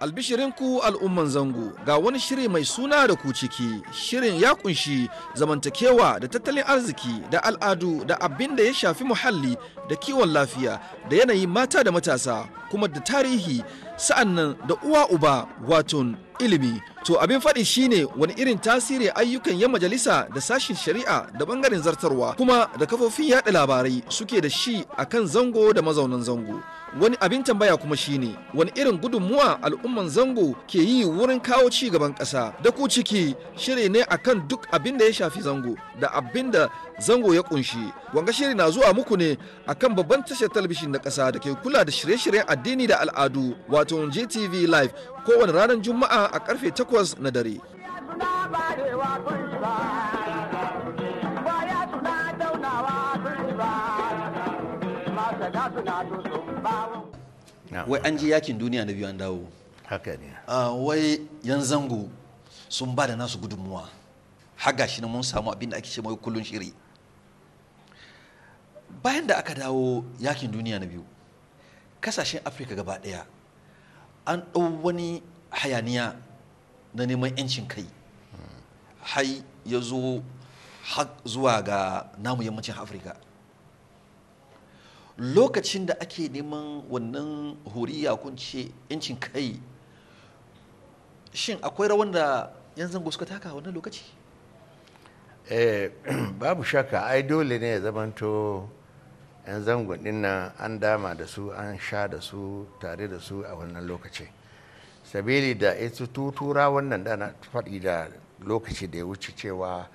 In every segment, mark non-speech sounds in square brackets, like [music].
Albishirinku al'umman zango ga wani shiri mai suna da ku ciki shirin ya kunshi zamantakewa da tattalin arziki da al'adu da abin da ya shafi muhalli da kiwon lafiya da yanayi mata da matasa kuma da tarihi sa'annan da uwa uba waton ilimi To abin faɗi shine wani irin tasiri ayyukan yan majalisa da sashin shari'a da bangaren zartarwa kuma da kafofin yaɗa labarai suke da shi akan zango da mazaunan zango. Wani abin tambaya kuma shine wani irin gudunmuwa al'umman zango ke yi wurin kawo ci gaban ƙasa da ku ciki shiri ne akan duk abin da ya shafi zango da abin da zango ya kunshi. Wanga shiri na zuwa muku ne akan babban tashar talabijin na ƙasa da ke kula da shirye-shiryen addini da al'adu wato GTV Live kowane ranar Juma'a a karfe 8 takwas na dare. Wai an ji yakin duniya na biyu an dawo. Haka ne. Ah, wai yan zango sun ba da nasu gudunmuwa. Haga shi na mun samu abin da ake ce mai kullun shiri. Bayan da aka dawo yakin duniya na biyu, kasashen Afirka gaba ɗaya an ɗau wani hayaniya na neman 'yancin kai hai ya zo zuwa ga namu yammacin afirka lokacin da ake neman wannan huriya kun ce 'yancin kai shin akwai rawan da yan zango suka taka wannan lokaci eh, [clears throat] babu shaka ai dole ne ya zamanto 'yan zango dinnan an dama da su an sha da su tare da su a wannan lokacin. sabili da ita tutura wannan dana faɗi da lokaci da ya wuce cewa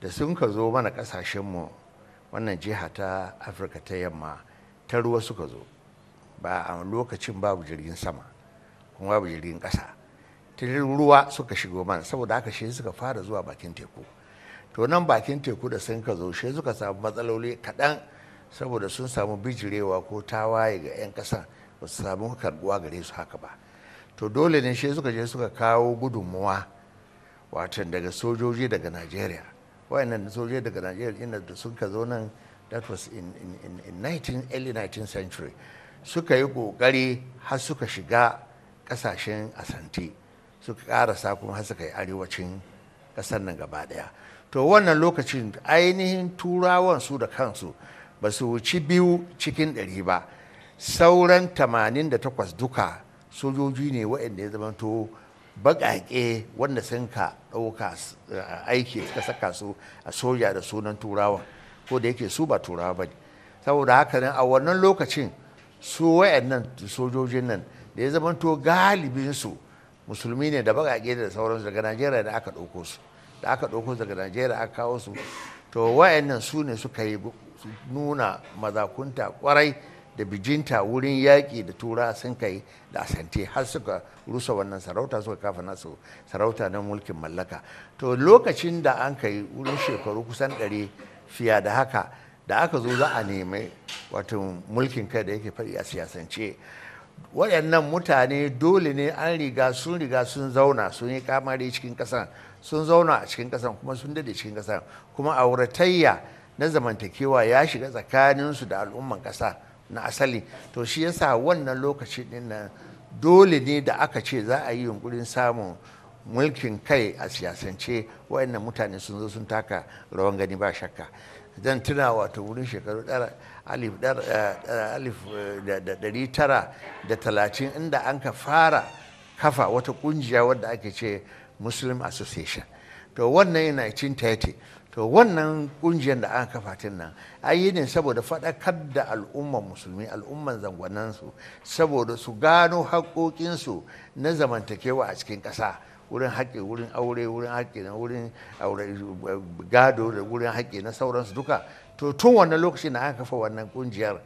da sun ka zo mana ƙasashenmu wannan jiha ta afirka ta yamma ta ruwa suka zo ba a lokacin babu jirgin sama kuma babu jirgin ƙasa ta ruwa suka shigo mana, saboda haka shi suka fara zuwa bakin teku to nan bakin teku da sun ka zo shi suka samu matsaloli kaɗan saboda sun samu bijirewa ko tawaye ga 'yan ƙasan, ba su samu karbuwa gare su haka ba to dole ne shi suka je suka kawo gudunmuwa watan daga sojoji daga nigeria wayannan sojoji daga nigeria inda da suka zo nan that was in, in, in, in 19, early 19th century suka yi kokari har suka shiga kasashen asanti suka karasa kuma har suka yi arewacin kasar nan gaba daya to wannan lokacin ainihin turawan su da kansu ba su wuci biyu cikin ɗari ba sauran 88 duka sojoji ne waɗanda ya zamanto baƙaƙe wanda sun ka ɗauka eh, aiki suka saka su a soja da sunan turawa ko da yake su ba turawa ba ne saboda haka nan a wannan lokacin su waɗannan sojojin nan da ya zamanto galibinsu musulmi ne da baƙaƙe da sauransu daga najeriya da aka ɗauko su da aka ɗauko daga najeriya aka kawo su to wayannan su ne suka yi nuna mazakunta kwarai da bijinta wurin yaƙi da tura sun kai da asante har suka rusa wannan sarauta suka kafa nasu sarauta na mulkin mallaka to lokacin da an kai wurin shekaru kusan ɗari fiya da haka da aka zo za a nemi wato mulkin kai da yake faɗi a siyasance waɗannan mutane dole ne an riga sun riga sun zauna sun yi kamari cikin ƙasan sun zauna a cikin ƙasar kuma sun dade cikin ƙasan kuma auratayya na zamantakewa ya shiga tsakaninsu da al'umman ƙasa na asali to shi yasa wannan lokaci din nan dole ne da aka ce za a yi yunkurin samun mulkin kai a siyasance wayannan mutane sun zo sun taka rawan gani ba shakka zan tuna wato wurin shekaru alif eh, eh, eh, da ɗari da talatin inda an ka fara kafa wata kungiya wadda ake ce muslim association to wannan yana 1930 to wannan kungiyar da aka kafa tun nan an ne saboda faɗakar da al'umman musulmi al'umman zangonansu saboda su gano haƙoƙinsu na zamantakewa a cikin ƙasa wurin haƙƙi wurin aure wurin haƙƙi na wurin gado da wurin haƙƙi na sauransu duka to tun wannan lokaci na aka kafa wannan kungiyar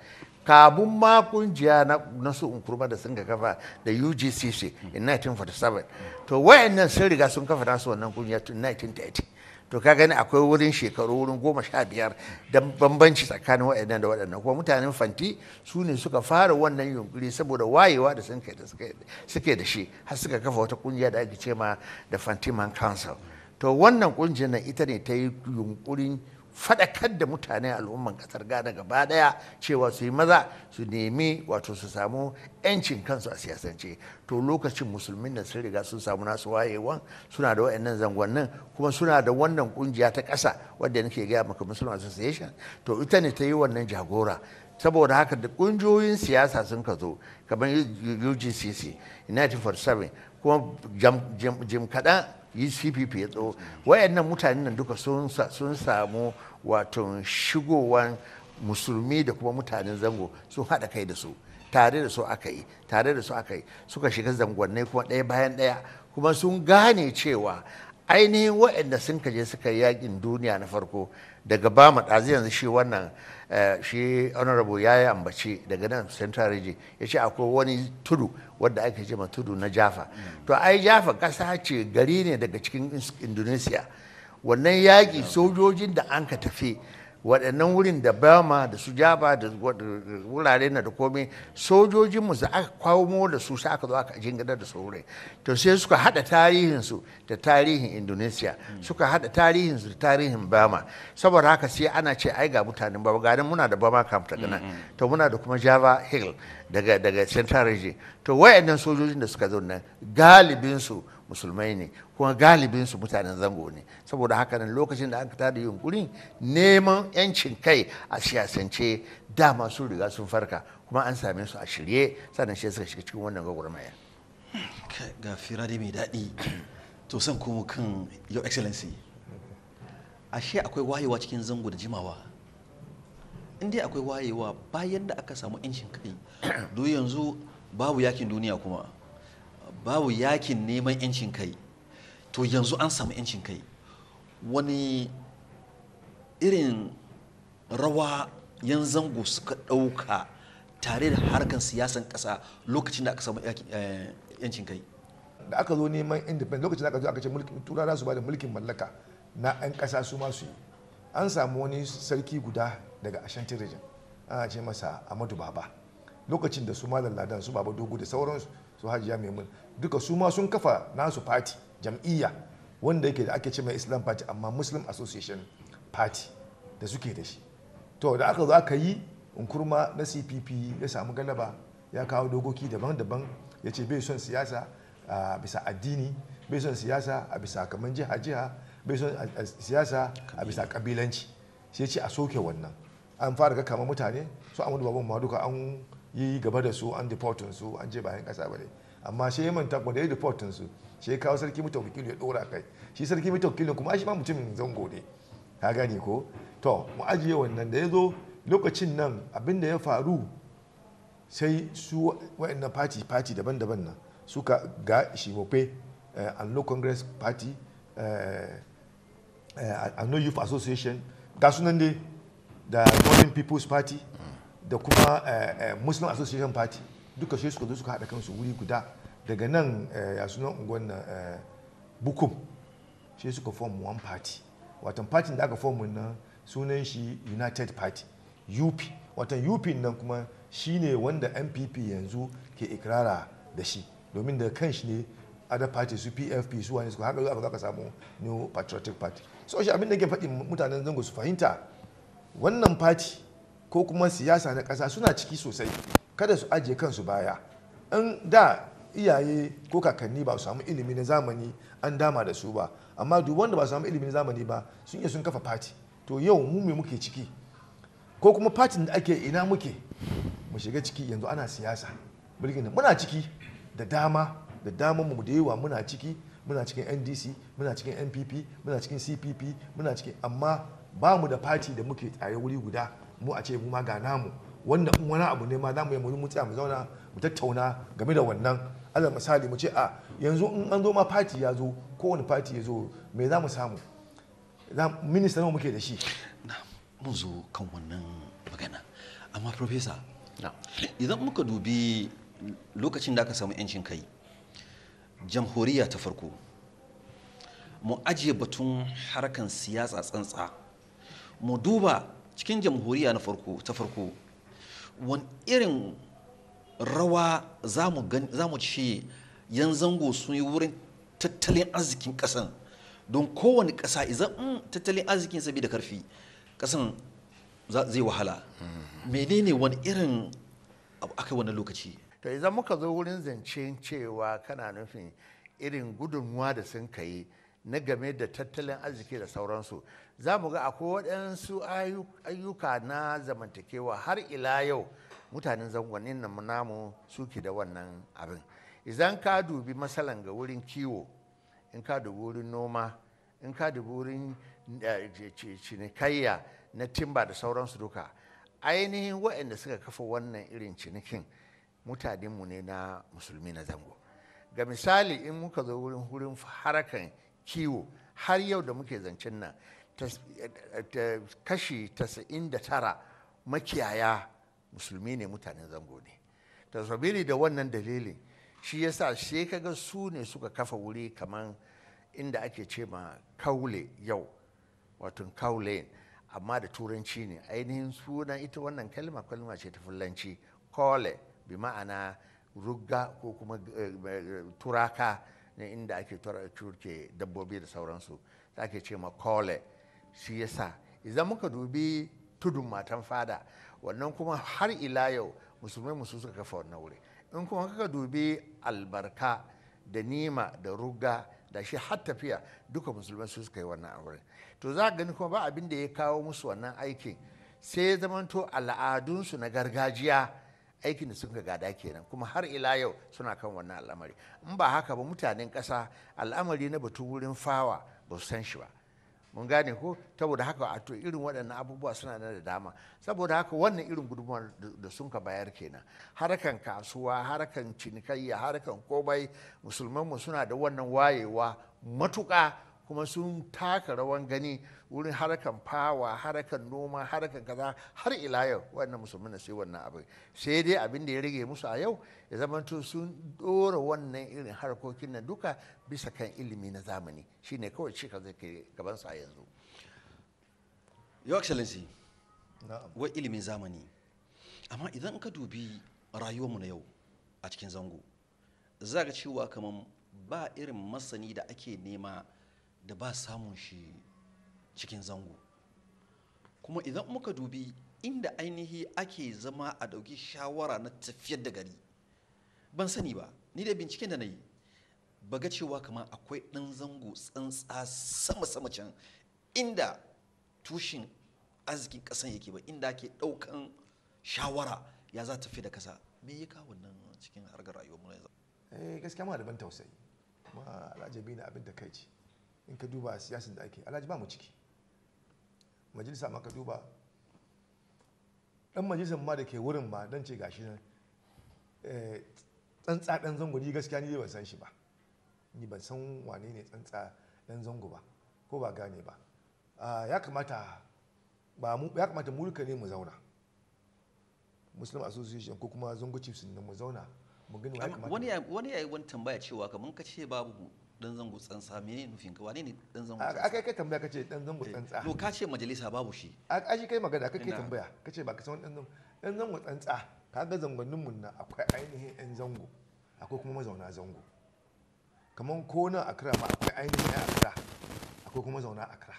kabun ma kungiya na su unkurma da sun ka kafa da UGCC in 1947 to wayannan sun riga sun kafa nasu wannan kungiya tun 1930 to ka gani akwai wurin shekaru wurin goma sha biyar da bambanci tsakanin waɗannan da waɗannan kuma mutanen fanti su ne suka fara wannan yunkuri saboda wayewa da sun suke da shi har suka kafa wata kungiya da ake ce ma da fanti man council to wannan kungiyar ita ne ta yi yunkurin faɗakar da mutane al'umman ƙasar Ghana gaba ɗaya cewa su yi maza su nemi wato su samu 'yancin kansu a siyasance to lokacin musulmin da sun riga sun samu nasu wayewan suna da wa'annan zangonnin kuma suna da wannan kungiya ta ƙasa wadda nake gaya maka Muslim Association to ita ne ta yi wannan jagora saboda haka da kungiyoyin siyasa sun ka zo kamar UGCC 1947 kuma jim kaɗan UCPP e ya tso wayannan mutanen nan duka sun samu wato shigowan musulmi da kuma mutanen zango sun haɗa kai da su tare da su aka yi tare da su aka yi suka shiga zangonnai kuma ɗaya bayan ɗaya kuma sun gane cewa ainihin waɗanda sun kaje suka yi yakin duniya na farko daga bama ɗazi yanzu shi wannan Eh, shi honorable ya yi ambaci daga nan central region ya ce akwai wani tudu wadda ake ce ma tudu na jafa to ai jafa ƙasa ce gari ne daga cikin indonesia wannan yaƙi sojojin da an ka tafi waɗannan wurin da bama da su jaba da wurare na da komai sojojinmu a aka mu da su sai aka zo aka jingada da su wurin to sai suka haɗa tarihinsu da tarihin indonesia suka haɗa tarihinsu da tarihin bama saboda haka sai ana ce ai ga mutanen ba ga muna da bama camp ta gana mm-hmm. to muna da kuma java hill daga daga central region to wayannan sojojin da suka zo nan galibinsu su musulmai ne kuma galibinsu mutanen zango ne saboda haka nan lokacin da aka tada yunkurin neman yancin kai a siyasance dama sun riga sun farka kuma an same su a shirye sannan shi suka shiga cikin wannan gwagwarmaya ga fira dai mai daɗi to san kuma kan your excellency ashe akwai wayewa cikin zango da jimawa in dai akwai wayewa bayan da aka samu yancin kai [coughs] do yanzu babu yakin duniya kuma babu yakin neman yancin kai to yanzu an samu yancin kai wani irin rawa yan zango suka ɗauka tare da harkar siyasan ƙasa lokacin da aka samu eh, yancin kai da aka zo neman independent lokacin da aka zo aka ce mulkin tura za su ba da mulkin mallaka na 'yan ƙasa su ma su yi an samu wani sarki guda daga ashanti region ana ce masa amadu baba lokacin da su ma ladan su baba dogo da sauransu su hajiya maimun duka su ma sun kafa nasu party jam'iyya wanda yake da ake ce mai islam party amma muslim association party da suke da shi to da aka zo aka yi nkurma na cpp ya samu galaba ya kawo dokoki daban-daban ya ce bai son siyasa a bisa addini bai son siyasa a bisa kamar jiha-jiha bai son siyasa a bisa kabilanci sai ce a soke wannan an fara kama mutane su amur babban ma duka an yi gaba da su an deportin su an je bayan kasa ba ne amma shi ya manta da ya deportin su shi ya kawo sarki mutum wakilu ya dora kai shi sarki mutum wakilu kuma shi ma mutumin zango ne ka gani ko to mu ajiye wannan da ya zo lokacin nan abin da ya faru sai su wa'annan party party daban-daban nan suka ga shimofe uh, eh, anlo congress party uh, uh, youth association ga sunan dai da northern people's party da kuma eh, eh, muslim association party duka shi suka zo suka haɗa kansu wuri guda daga nan eh, ya sunan unguwan na bukum shi suka form one party watan party da aka form na sunan shi united party up watan up nan kuma ne wanda npp yanzu ke ikirara da shi domin da kan shi ne other party su pfp su wani suka haka zuwa aka samu new patriotic party so shi abin da ke faɗi mutanen zango su fahimta wannan party ko kuma siyasa na ƙasa suna ciki sosai kada su ajiye kansu baya in da iyaye ko kakanni ba su samu ilimi na zamani an dama da su ba amma duk wanda ba su samu ilimi na zamani ba sun iya sun kafa fati to yau mu me muke ciki ko kuma fatin da ake ina muke mu shiga ciki yanzu ana siyasa mulkin muna ciki da dama da dama mu da yawa muna ciki muna cikin ndc muna cikin npp muna cikin cpp muna cikin amma ba mu da fati da muke tsaye wuri guda mu a ce mu ma ga namu wanda in wani abu ne ma za mu yi mu tsaya mu zauna mu tattauna game da wannan alal misali mu ce a yanzu in an zo ma fati ya zo kowane fati ya zo me za mu samu minista nawa muke da shi mun zo kan wannan magana amma profesa idan muka dubi lokacin da aka samu yancin kai jamhuriya ta farko mu ajiye batun harkan siyasa tsantsa mu duba cikin jamhuriya na farko ta farko wani irin rawa za mu ce yan zango sun yi wurin tattalin arzikin kasan don kowane ƙasa idan mm, tattalin arzikin sabi da karfi kasan zai wahala menene wani irin aka wani lokaci to idan muka zo wurin zance cewa kana nufin irin gudunmuwa da sun kai na game da tattalin arziki da sauransu za mu ga akwai waɗansu ayyuka na zamantakewa har ila yau mutanen zangonin nan namu suke da wannan abin idan ka dubi matsalar ga wurin kiwo in ka dubi wurin noma in ka dubi wurin eh, cinikayya na timba da sauransu duka ainihin waɗanda suka kafa wannan irin cinikin mutanenmu ne na musulmi na zango ga misali in muka zo wurin harakan kiwo har yau da muke zancen nan kashi 99 makiyaya musulmi ne mutanen zango ne sabili da wannan dalilin shi yasa sai kaga su ne suka kafa wuri kamar inda ake ce ma kaule yau wato kaule amma da turanci ne ainihin suna ita wannan kalma kalma ce ta fulanci kole bi ma'ana rugga ko kuma eh, eh, turaka ne inda ake turke dabbobi da sauransu da ake ce ma kole shi yasa idan muka dubi tudun matan fada wannan kuma har ila yau musulmai musu suka kafa wannan wuri in kuma kaka dubi albarka da nima da ruga da shi har tafiya duka musulmai su suka yi wannan aure to za gani kuma ba abin da ya kawo musu wannan aikin sai zamanto al'adunsu na gargajiya aikin da suka gada kenan kuma har ila yau suna kan wannan al'amari in ba haka ba mutanen kasa al'amari na batun wurin fawa ba su san shi ba mun gane ko saboda haka a to irin waɗannan abubuwa suna nan da dama saboda haka wannan irin gudunmuwar da sun ka bayar kenan harkan kasuwa harkan cinikayya harkan komai musulman mu suna da wannan wayewa matuƙa kuma sun taka rawan gani wurin harkan fawa harkan noma harkan kaza har ila yau wannan musulmi na sai wannan abin sai dai abin da ya rage musu a yau ya zama tun sun dora wannan irin harkokin na duka bisa kan ilimi na zamani shine kawai cika zai gaban sa yanzu your excellency wai ilimin zamani amma idan ka dubi rayuwarmu na yau a cikin zango za ga cewa kamar ba irin masani da ake nema da ba samun shi cikin zango kuma idan muka dubi inda ainihi ake zama a dauki shawara na tafiyar da gari ban sani ba ni da binciken da na yi ba ga cewa kamar akwai ɗan zango tsantsa sama-sama can inda tushen arzikin ƙasan yake ba inda ake ɗaukan shawara ya za tafi da kasa me ya kawo nan cikin harkar rayuwar mu yanzu eh gaskiya ma da ban tausayi ma al'ajabi na abin da kai ce in ka duba siyasin da ake alhaji ba mu ciki majalisa ma ka duba dan majalisar ma da ke wurin ma dan ce gashi nan eh, tsantsa dan zango ni gaskiya ni ban san shi ba ni ban san wane ne tsantsa dan zango ba ko ba gane ba ah, ya kamata ba mu ya kamata mu ne mu zauna muslim association ko kuma zango chiefs ne mu zauna mu gani ya kamata wani ya wani tambaya cewa kaman ka ce babu dan zango tsantsa menene nufin ka wane ne dan zango tsantsa akai kai tambaya kace dan zango eh, tsantsa to ka ce majalisa babu shi a shi kai magana kake tambaya kace ba ka san dan zango dan zango tsantsa kaga zangonnin mun na akwai ainihin yan zango akwai kuma mazauna zango kaman ko nan akra ma akwai ainihin yan akra akwai kuma zauna akra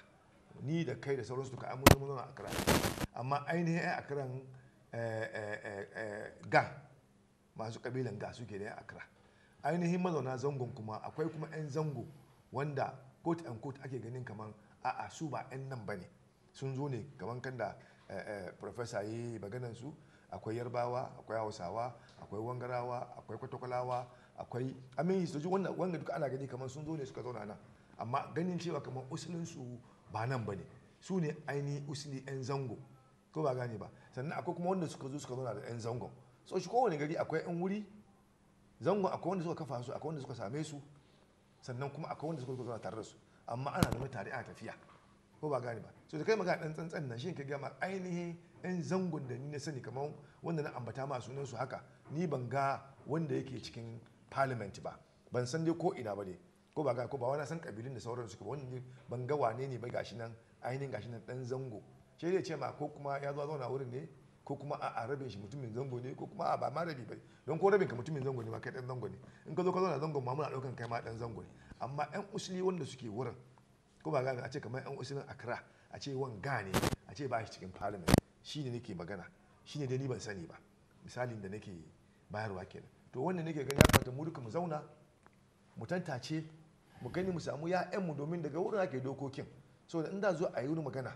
ni da kai da sauransu duka an mun zauna akra amma ainihin yan eh, eh, eh ga masu kabilan ga suke da yan ainihin mazauna zangon kuma akwai kuma 'yan zango wanda kot and kot ake ganin kamar a'a su ba 'yan nan ba ne sun zo ne kamar kan da eh, eh, professor yi maganan su akwai yarbawa akwai hausawa akwai wangarawa akwai kwatakwalawa akwai amin soji wanga duka ana gani kamar sun zo ne suka zauna nan amma ganin cewa kamar usulin su ba nan ba ne su ne aini usuli 'yan zango ko ba gane ba sannan akwai kuma wanda suka zo suka zauna da 'yan zangon so shi kowane gari akwai 'yan wuri zangon akwai wanda suka kafa su akwai wanda suka same su sannan kuma akwai wanda suka zuwa tare da su amma ana zama tare a tafiya ko ba gani ba so da kai magana dan tsantsan nan shi ka ma ainihin in zangon da ni na sani kamar wanda na ambata ma sunan su haka ni ban ga wanda yake cikin parliament ba ban san dai ko ina ba ne ko ba ga ko ba wani san kabilin da sauran suke ba wanda ban ga wane ne ba gashi nan ainihin gashi nan dan zango sai dai ce ma ko kuma ya zo zauna wurin ne ko kuma a rabin shi mutumin zango ne ko kuma a ba ma rabi bai don ko rabin ka mutumin zango ne ma kai dan zango ne in ka zo ka na zango ma muna daukan kai ma dan zango ne amma yan usuli wanda suke wurin ko ba gane a ce kamar yan usulin akra a ce wanga ne a ce ba shi cikin parliament shine nake magana shine dai ni ban sani ba misalin da nake bayarwa kenan to wannan nake gani ya fata mu duka mu zauna mu tantace mu gani mu samu ya'yanmu domin daga wurin ake dokokin so da in da zo a yi wani magana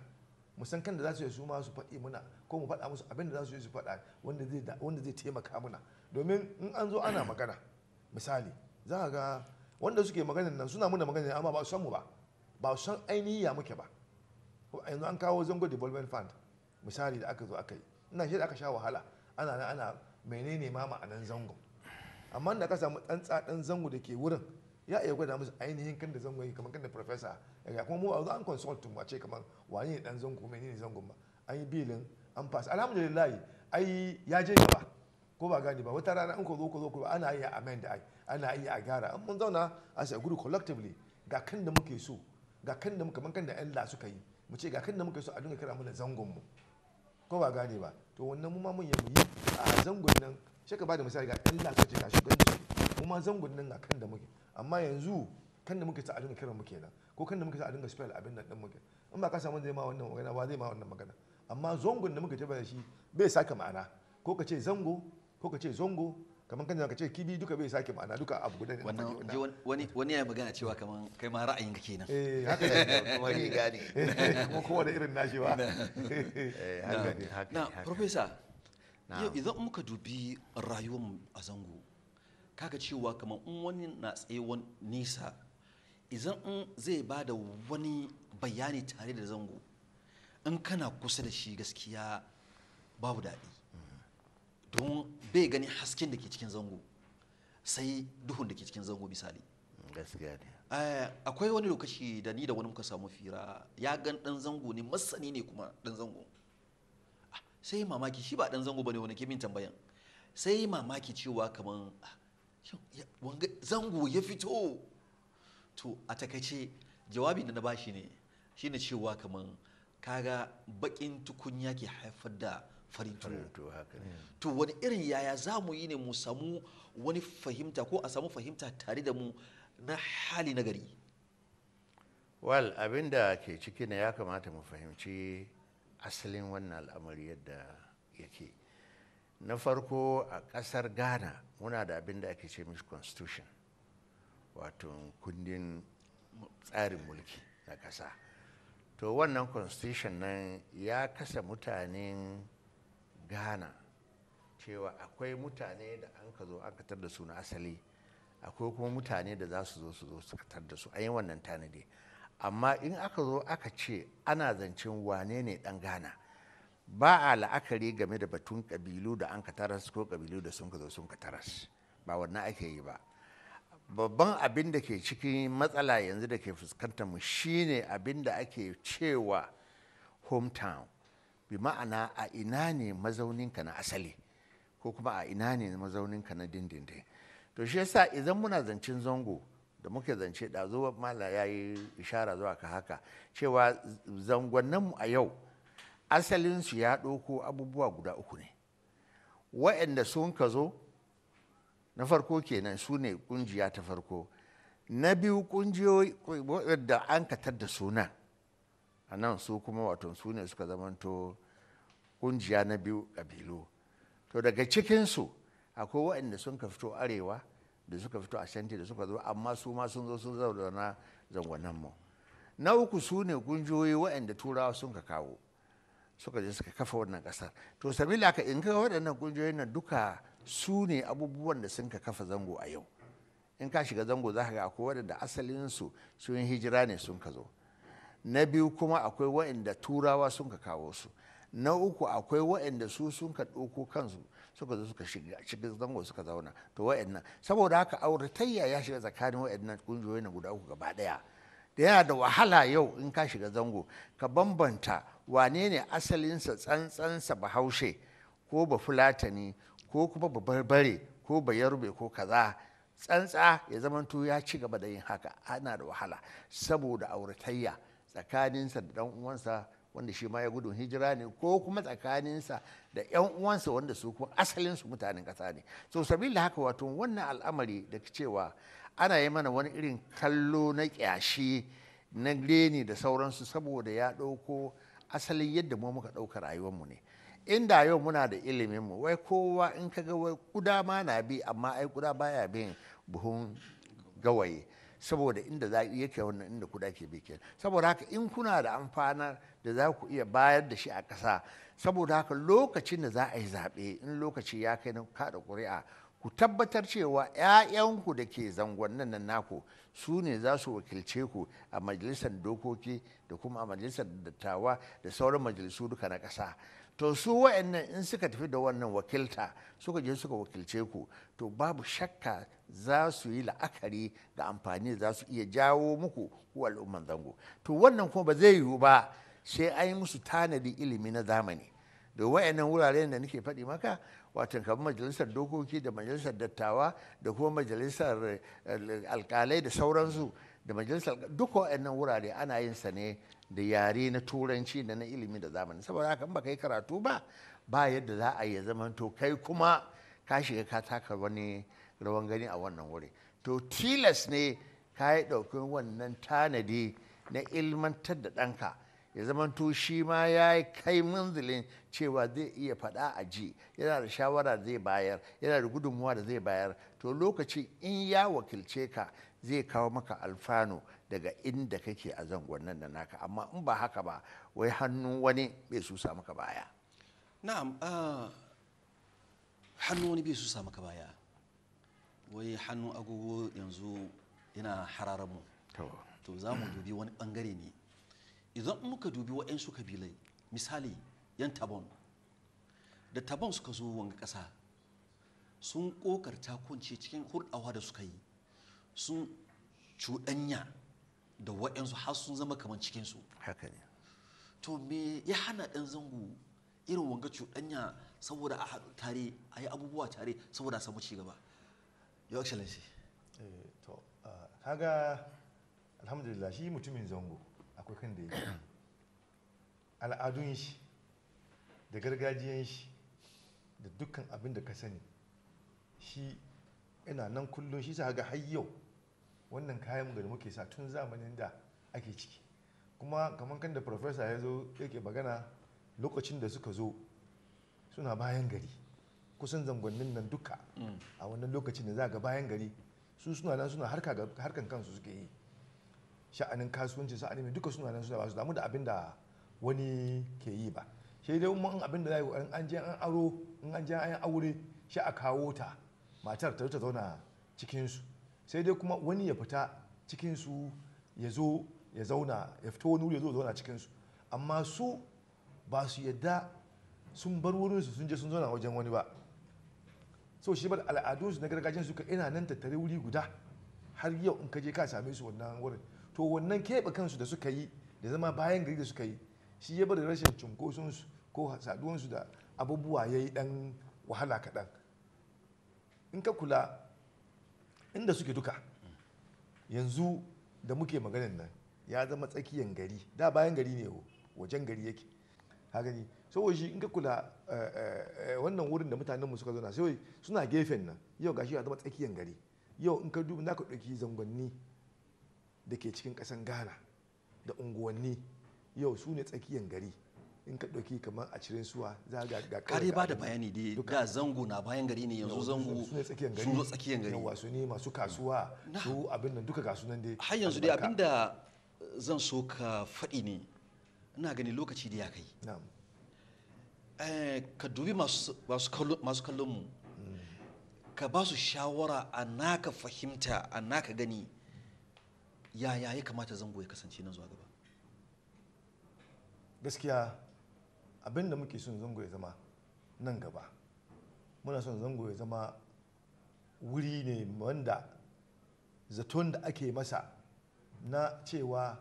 musankan kan da za su yi su ma su faɗi muna ko mu faɗa musu abin da za su yi su faɗa wanda zai taimaka muna domin in an zo ana magana misali za ka ga wanda suke maganin nan suna muna magana amma ba su san mu ba ba su san ainihi ya muke ba yanzu an kawo zango development fund misali da aka zo aka yi ina shi da aka sha wahala ana ana menene ma ma'anan zango amma da ka samu tsantsa zango da ke wurin ya iya gwada musu ainihin kan da zango yi kamar kan da professor ya kuma mu a zo an consult mu a ce kamar wani ne dan zango mai ne zangon ba an yi bilin an pass alhamdulillah ai ya je gaba ko ba gani ba wata rana an ko zo ko zo ko ana iya amend ai ana iya a gyara an mun zauna a sai guru collectively ga kan da muke so ga kan da kamar kan da la suka yi mu ce ga kan da muke so a dinga kira mu zangon mu ko ba gani ba to wannan mu ma mun yi a zangon nan shi ka ba da misali ga la ka ce ga shugabanci mu ma zangon nan ga kan da muke amma yanzu kan da muka ci a kiran mu kenan ko kan da muka ci a dinga spell abin nan din muke in ba ka samu zai ma wannan magana ba zai ma wannan magana amma zongon da muka tafi da shi bai sake ma'ana ko ka ce zango ko ka ce zongo kamar kan ka ce kibi duka bai sake ma'ana duka abu guda ne wannan wani wani ya magana cewa kamar kai ma ra'ayin ka kenan eh haka ne kuma ni gane [laughs] kuma kowa da irin nashi ba eh haka ne haka na professor yau idan muka dubi rayuwar a zango kaga cewa kamar in wani na tsaye nisa idan in zai ba da wani bayani tare da zango in kana kusa da shi gaskiya babu daɗi don bai gani hasken da ke cikin zango sai duhun da ke cikin zango misali eh, akwai wani lokaci da ni da wani muka samu fira ya gan dan zango ne masani ne kuma dan zango ah, sai mamaki shi ba dan zango ba ne wani kimin tambayan sai mamaki cewa kaman ah, zango ya fito to a takaice jawabin da na bashi ne shine cewa kamar kaga bakin tukunya ke haifar da farin tuwo to wani irin yaya za mu yi ne mu samu wani fahimta ko a samu fahimta tare da mu na hali na gari wal abin da ke ciki na ya kamata mu fahimci asalin wannan al'amari yadda yake na farko a ƙasar ghana muna da abin da ake ce mishi constitution wato kundin tsarin mulki na ƙasa to wannan constitution nan ya kasa mutanen ghana cewa akwai mutane da an ka zo an katar da su na asali akwai kuma mutane da za su zo su zo su katar da su an yi wannan tanadi amma in aka zo aka ce ana zancen wane ne dan ghana ba a la'akari game da batun kabilu da an ka taras ko kabilu da sun ka zo sun ka taras ba wannan ake yi ba babban abin da ke cikin matsala yanzu da ke fuskantar mu shine abin da ake cewa hometown bi ma'ana a ina ne mazauninka na asali ko kuma a ina ne mazauninka na dindindin to shi yasa idan muna zancen zango da muke zance ɗazu mala ya yi ishara zuwa ka haka cewa zangonninmu a yau asalinsu ya ɗauko abubuwa guda uku ne waɗanda sun ka zo na farko kenan su ne ƙungiya ta farko na biyu ƙungiyoyi waɗanda an katar da suna a nan su kuma wato su ne suka zamanto ƙungiya na biyu ƙabilu to daga cikinsu akwai waɗanda sun ka fito arewa da suka fito a shanti da suka zo amma su ma sun zo sun zauna zangonanmu na uku su ne ƙungiyoyi waɗanda turawa sun ka kawo suka je suka kafa wannan kasar to sabila ka in kaga waɗannan kungiyoyin nan duka su ne abubuwan da sun ka kafa zango a yau in ka shiga zango za ka ga akwai waɗanda asalinsu sun hijira ne sun ka zo na biyu kuma akwai waɗanda turawa sun ka kawo su na uku akwai waɗanda su sun ka ɗauko kansu suka zo suka shiga cikin zango suka zauna to waɗannan saboda haka auratayya ya shiga tsakanin waɗannan ƙungiyoyin na guda uku gaba ɗaya da yana da wahala yau in ka shiga zango ka bambanta wane ne asalinsa tsantsansa bahaushe ko ba fulatani ko kuma ba barbare ko ba yarube ko kaza tsantsa ya zamanto ya ci gaba da yin haka ana da wahala saboda auratayya tsakaninsa da dan uwansa wanda shi ma ya gudun hijira ne ko kuma tsakaninsa da 'yan uwansa wanda su kuma asalinsu mutanen ƙasa ne so sabila haka wato wannan al'amari da cewa ana yi mana wani irin kallo na ƙyashi na reni da sauransu saboda ya ɗauko Asali yadda mu muka ɗauka mu ne inda yau muna da ilimin mu wai kowa in ka ga wai kuda ma na bi amma ai kuda baya bin buhun gawaye saboda inda za yake wannan inda kuda ke bi ke saboda haka in kuna da amfana da za ku iya bayar da shi a ƙasa saboda haka lokacin da za a yi zaɓe in lokaci ya kai na kaɗa ƙuri'a ku tabbatar cewa 'ya'yanku da ke zangon nan naku su ne za su wakilce ku a majalisar dokoki da kuma a majalisar dattawa da sauran majalisu duka na ƙasa to su wa'annan in suka tafi da wannan wakilta suka je suka wakilce ku to babu shakka za su yi la'akari da amfani za su iya jawo muku ku al'umman zango to wannan kuma ba zai yiwu ba sai an yi musu tanadi ilimi na zamani da wa'annan wuraren da nake faɗi maka watan kamar majalisar dokoki da majalisar dattawa da kuma majalisar eh, alkalai da sauransu da majalisar duk waɗannan wurare ana yin sa ne da yare na turanci da na ilimi da zamani saboda haka in baka yi karatu ba ba yadda za a yi zaman to kai kuma ka shiga ka taka wani rawan gani a wannan wuri to tilas ne ka yi ɗaukin wannan tanadi na ilmantar da ɗanka ya zamanto shi ma ya kai manzilin cewa zai iya faɗa a ji yana da shawara zai bayar yana da gudunmuwa da zai bayar to lokacin in ya wakilce ka zai kawo maka alfano daga inda kake a zangonnan da naka amma in ba haka ba wai hannun wani bai susa maka baya na'am Hannu wani bai susa maka baya wai hannun agogo yanzu yana hararar mu to za mu dubi wani bangare ne idan muka dubi waɗansu kabilai misali yan tabon da tabon suka zo wanga ƙasa sun ƙoƙarta kunce cikin hurɗawa da suka yi sun cuɗanya da waɗansu har sun zama kamar cikinsu haka ne to me ya hana ɗan zango irin wanga cuɗanya saboda a haɗu tare a yi abubuwa tare saboda a samu cigaba ya excellency eh, to ah, kaga alhamdulillah shi mutumin zango akwai kan da yake al'adun shi da gargajiyan shi da dukkan abin da ka sani shi ina nan kullum shi sa ga har yau wannan kayan da muke sa tun zamanin da ake ciki kuma kamar kan da professor ya zo yake magana lokacin da suka zo suna bayan gari kusan zangonnin nan duka mm. a wannan lokacin da za ga bayan gari su suna nan suna harkan kansu suke yi sha'anin kasuwanci sha'anin mai duka suna nan suna ba su damu da abin wani ke yi ba shi dai mun abin da yi an je an aro in an je an aure shi a kawo ta matar ta zauna cikinsu sai dai kuma wani ya fita su ya zo ya zauna ya fito wani wuri ya zo zauna cikinsu amma su ba su yadda sun bar wurinsu sun je sun zauna wajen wani ba so shi bar al'adunsu na gargajiyar suka ina nan tattare wuri guda har yau in ka je ka same su wannan wurin to wannan keɓe kansu da suka yi da zama bayan gari da suka yi shi ya bada rashin cunkosunsu ko saduwansu da abubuwa ya yi ɗan wahala kaɗan in ka kula inda suke duka yanzu da muke maganin nan ya zama tsakiyan gari da bayan gari ne wajen gari yake hagani shi in ka kula eh, eh, eh, wannan wurin da mutanen mu suka zauna sai suna gefen nan yau gashi ya zama tsakiyan gari yau in ka duba naka ɗauki zangonni da ke cikin kasan ghana da unguwanni yau su ne tsakiyar gari in ka ɗauki kamar a cirin suwa za ga ga kare ba da bayani dai da zango na bayan gari ne yanzu zango su ne tsakiyar gari su tsakiyar gari yawa su ne masu kasuwa su abin nan duka kasu nan dai har yanzu dai da eh, zan so ka faɗi ne ina gani lokaci da ya kai eh, ka dubi masu kallon mu mm. ka ba su shawara a naka fahimta a naka gani yaya ya kamata zango ya kasance nan zuwa gaba gaskiya abin muke son zango ya zama nan gaba muna son zango ya zama wuri ne wanda zaton da ake masa na cewa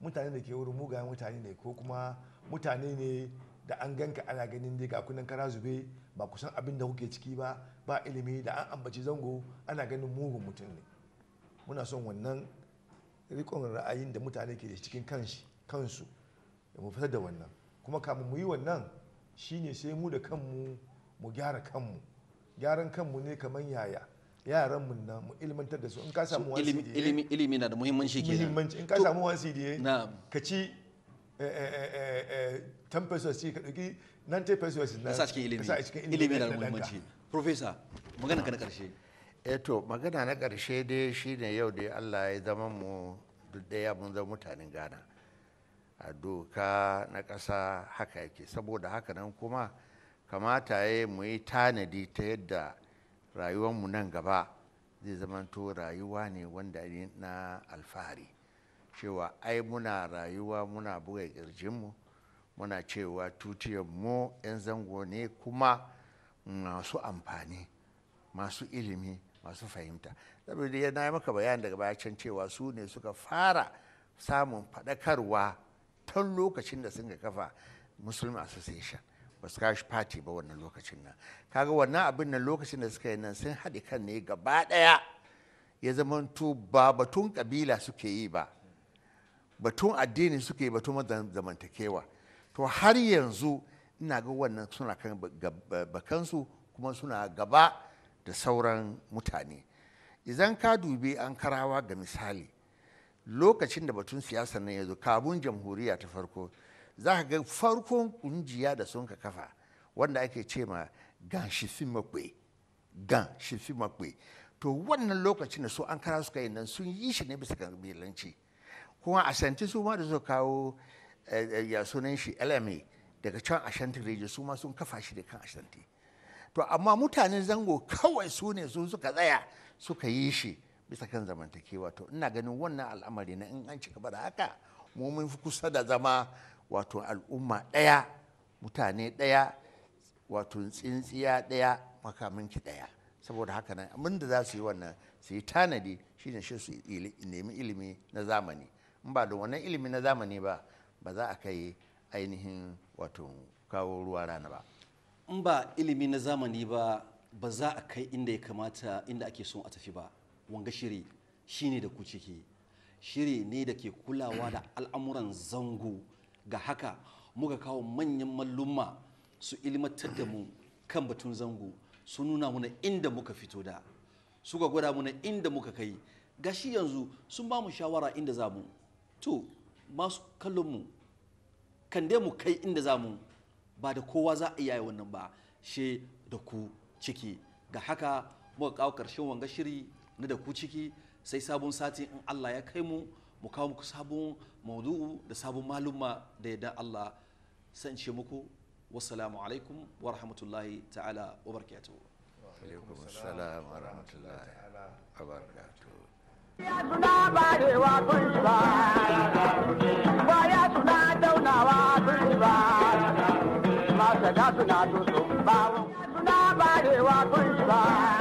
mutane da ke wurin mugayen mutane ne ko kuma mutane ne da an ganka ana ganin dai ga kunan kara zube ba kusan abin da kuke ciki ba ba ilimi da an ambaci zango ana ganin mugun mutum ne muna son wannan rikon ra'ayin da mutane ke da cikin kansu da mu fitar da wannan kuma kamun mu yi wannan shine sai mu da kanmu mu gyara kanmu gyaran kanmu ne kamar yaya yaran mun nan mu ilmantar da su in ka samu wani cda ilimi ilimi na da muhimmanci ke muhimmanci in ka samu wani cda ka ci eh, eh, eh, ten pesos ka dauki nan pesos na sa cikin ilimi ilimi na da muhimmanci professor magana ka na karshe eto eh magana na ƙarshe dai shine yau dai allah ya zama mu duk ɗaya mun zama mutanen ghana a doka na ƙasa haka yake saboda haka nan kuma kamata ya mu yi tanadi ta yadda rayuwar mu nan gaba zai zamanto rayuwa ne wanda na alfahari cewa ai muna rayuwa muna buga ƙirjinmu muna cewa mu 'yan zango ne kuma masu amfani masu ilimi masu fahimta saboda ya na maka bayan daga baya can cewa su ne suka fara samun faɗakarwa tun lokacin da sun ga kafa muslim association ba su kashi party ba wannan lokacin nan kaga wannan abin nan lokacin da suka yi nan sun haɗe kan ne gaba ɗaya ya zamanto ba batun kabila suke yi ba batun addini suke yi batun zamantakewa to har yanzu ina ga wannan suna kan bakansu kuma suna gaba da sauran mutane idan ka dubi an karawa ga misali lokacin da batun siyasa na yanzu, zo kabun jamhuriya ta farko za ka ga farkon kungiya da sun ka kafa wanda ake ce ma gan shifi makwe gan shifi makwe to wannan lokacin da su an kara suka yi nan sun yi shi ne bisa kabilanci kuma a santi su ma da su kawo eh, eh, ya sunan shi lma daga can ashanti region su ma sun kafa shi da kan ashanti to amma mutane zango kawai su ne su suka tsaya suka yi shi bisa kan zamantakewa to ina ganin wannan al'amari na in an ci gaba da haka mu mun fi kusa da zama wato al'umma ɗaya mutane ɗaya wato tsintsiya ɗaya makaminki ɗaya saboda haka nan abin da za su yi wannan su yi tanadi shine shi su nemi ilimi na zamani in ba da wannan ilimi na zamani ba ba za a kai ainihin wato kawo ruwa rana ba in ba ilimi na zamani ba ba za a kai inda ya kamata inda ake son a tafi ba wanga shiri shine da ku ciki shiri ne da ke kulawa da al'amuran zango ga haka muka kawo manyan malluma su ilmantar da mu kan batun zango su nuna muna inda muka fito da suka gwada muna inda muka kai gashi yanzu sun ba mu shawara inda za mu to masu kallon mu kan mu kai inda za mu ba da kowa za a iya wannan ba she da ku ciki ga haka muka kawo karshen wanga shiri na da ku ciki sai sabon sati in Allah ya kai mu mu kawo muku sabon maudu'u da sabon maluma da yadda Allah san ce muku wassalamu alaikum wa rahmatullahi ta'ala wa barakatuhu alaikum assalam wa rahmatullahi wa barakatuhu suna barewa sun ba baya suna daunawa sun ba da dasu na dusu ba. Suna ba shi ba.